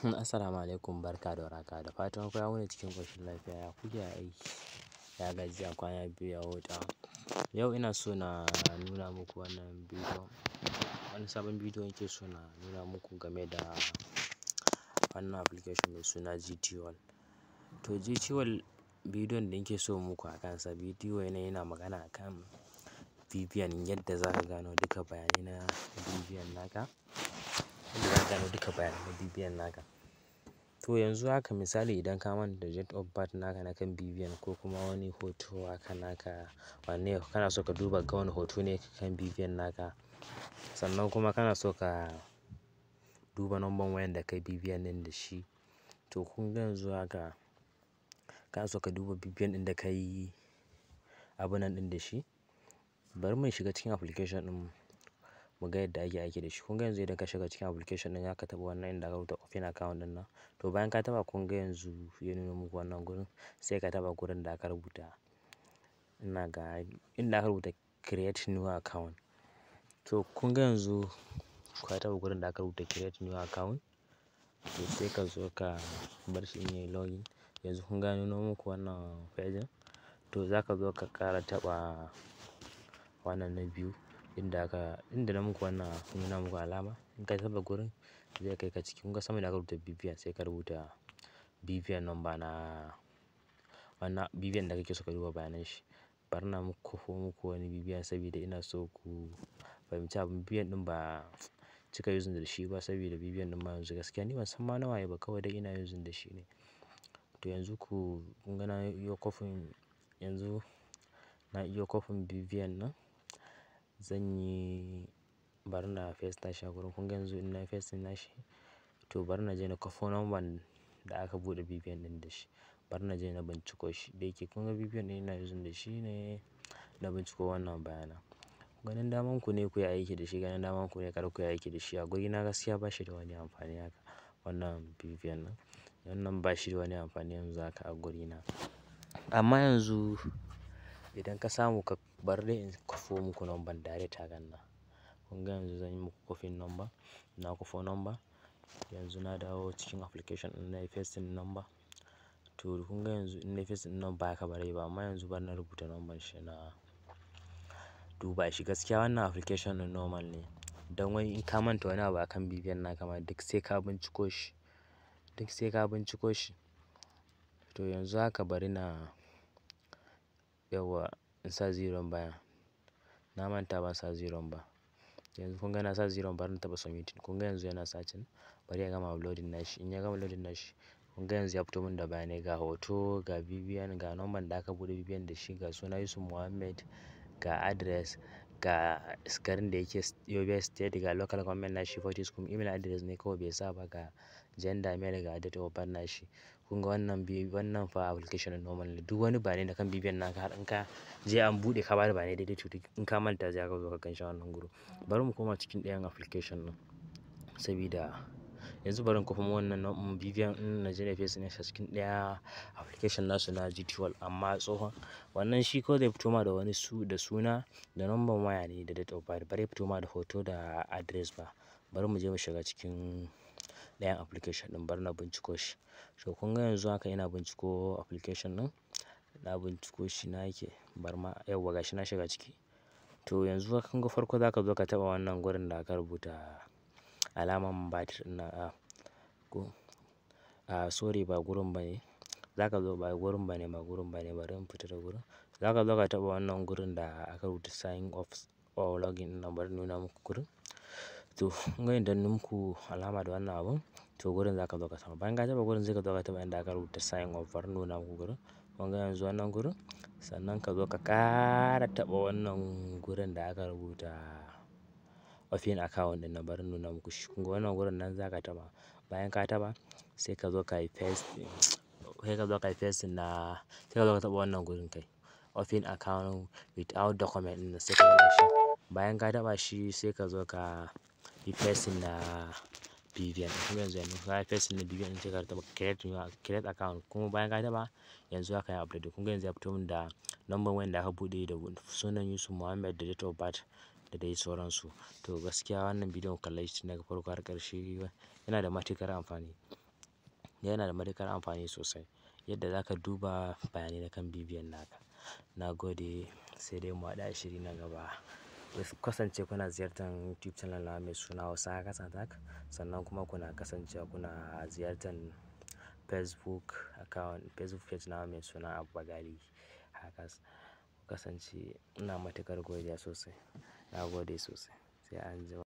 Assalamu alaikum, barka da warhaka. Da fatan kowa wuni cikin ƙoshin lafiya. Ya kuke aiki? Ya gajiya kwana biyu ya huta. Yau ina so na nuna muku wannan bidiyon, wani sabon bidiyo nake so na nuna muku game da wannan application mai suna GTWall. To GTWall bidiyon da nake so muku a kansa, bidiyo ne yana magana akan VPN, yadda za ka gano duka bayanai na VPN naka, yadda za ka gano duka bayanai na VPN naka. To yanzu haka misali idan ka manta da date of birth naka na kan bibiyan ko kuma wani hoto haka naka wanne kana so ka duba ga wani hoto ne kan bibiyan naka. Sannan kuma kana so ka duba number wayan da kai bibiyan ɗin da shi. To kun ga yanzu haka kana so ka duba bibiyan ɗin da ka abunan din nan ɗin da shi. Bari mu shiga cikin application din mu. mu ga yadda ake aiki da shi. Kun ga yanzu idan ka shiga cikin application ɗin zaka taɓa wannan inda aka rubuta open account ɗin nan. To bayan ka taɓa kun ga yanzu ya nuna muku wannan gurin sai ka taɓa gurin da aka rubuta ina ga inda aka rubuta create new account. To kun ga yanzu ka taɓa gurin da aka rubuta create new account. To sai ka zo ka bar shi in login. Yanzu kun ga ya nuno muku wannan page To zaka zo ka ƙara taɓa wannan na biyu. inda aka, inda na muku wannan nuna muku alama in ka taɓa gurin zai kai ka ciki. Kun ga saman da aka rubuta BVN sai ka rubuta nan ba na wannan BVN da kake so ka duba bayanan shi. Bari na muku kofo muku wani BVN saboda ina so ku fahimci abin BVN ɗin ba cika using da shi ba saboda BVN ɗin ma yanzu gaskiya ni ban san ma na ba kawai dai ina using da shi ne. To yanzu ku kun ga na iya kofin yanzu na iyo kofin BVN nan. zan yi bari na paste nashi a gurin. kunga yanzu in na paste nashi to bari na je na kafo number da aka buɗe VPN din da shi. Bari na je na binciko shi. Da yake kunga ga din na ina using da shi ne na binciko wannan bayana Ganin daman ku ne ku yi aiki da shi, ganin daman ku ne kar ku yi aiki da shi. A guri na gaskiya ba shi da wani amfani haka wannan VPN ɗin. Wannan ba shi da wani amfani yanzu haka a na Amma yanzu idan ka samu ka bari dai in kofo muku number direct hakan nan kun ga yanzu zan yi muku kofin number na kofo number yanzu na dawo cikin application ɗin na yi pasting number to kun ga yanzu in na pasting number haka ba rai ba amma yanzu bari na rubuta number shi na duba shi gaskiya wannan application ɗin normal ne don wai in ka manta wani abu akan bibiyan naka ma duk sai ka binciko shi duk sai ka binciko shi to yanzu haka bari na yawa in sa zeron Na manta ba sa zeron ba. Yanzu kun ga sa zeron na taɓa submitting. Kun ga yanzu yana searching bari ya gama uploading nashi. In ya gama uploading nashi kun yanzu ya fito min da bayanai ga hoto, ga bbn ga number da aka buɗe bibiyan da shi, ga suna Yusuf Muhammad, ga address, ga garin da yake Yobe State, ga local government nashi kuma email address ne kawai bai sa ba ga gender male ga date of birth shi Kun ga wannan bi wannan fa application normal ne. Duk wani bayanai da kan bibiyan naka har in ka je an bude ka bada bayanai daidai to in ka manta za ka zo ka ganshi wannan guru Bari mu koma cikin ɗayan application din sabida yanzu bari ku koma wannan na bibiyan ɗin Nigeria Face ne a cikin ɗaya application nasu na GTWall amma tsohon wannan shi ko zai fito ma da wani su da suna da number waya ne da date of birth bare fito ma da hoto da address ba. Bari mu je mu shiga cikin ɗayan application ɗin bari na binciko shi to kun ga yanzu haka ina binciko application ɗin na binciko shi na yake bar ma yauwa gashi na shiga ciki to yanzu kun ga farko zaka zo ka taɓa wannan gurin da aka rubuta alaman batir ɗin nan a ko a sorry ba gurin bane zaka zo ba gurin bane ba gurin bane bari in fita da gurin zaka zo ka taɓa wannan gurin da aka rubuta sign off or login ɗin nan bari nuna muku gurin To, kun ga idan nunku alama da wannan abun, to gurin za ka zo ka taɓa. Bayan ka taɓa gurin sai ka zo ka taɓa inda aka rubuta sign of Borno na ku gurin. Kun ga yanzu wannan gurin, sannan ka zo ka ƙara taɓa wannan gurin da aka rubuta ofin account ɗin nan bari in nuna muku shi. Kun ga wannan gurin nan za ka taɓa. Bayan ka taɓa sai ka zo ka yi paste, sai ka zo ka yi paste na, sai ka zo ka taɓa wannan gurin kai. ofin account without document ɗin nan sai ka taɓa shi. Bayan ka taɓa shi sai ka zo ka yi pasting na BVN kuma yanzu yanzu ka yi pasting na BVN sai ka taɓa create new create account kuma bayan ka taɓa yanzu aka yi update kun ga yanzu ya fito min da number wanda aka buɗe da sunan Yusuf Muhammad da date of birth da dai sauransu to gaskiya wannan bidiyon kallai shi daga farko har ƙarshe yana da matuƙar amfani yana da matuƙar amfani sosai yadda za ka duba bayanai na kan bibiyan naka na gode sai dai mu haɗa shiri na gaba kasance kuna ziyartar YouTube channel na mai suna Hausa kasa tak sannan kuma kuna kasance kuna ziyartar Facebook account Facebook page na mai suna Abbagali Hackers kasance ina matakar godiya sosai na gode sosai sai anjima.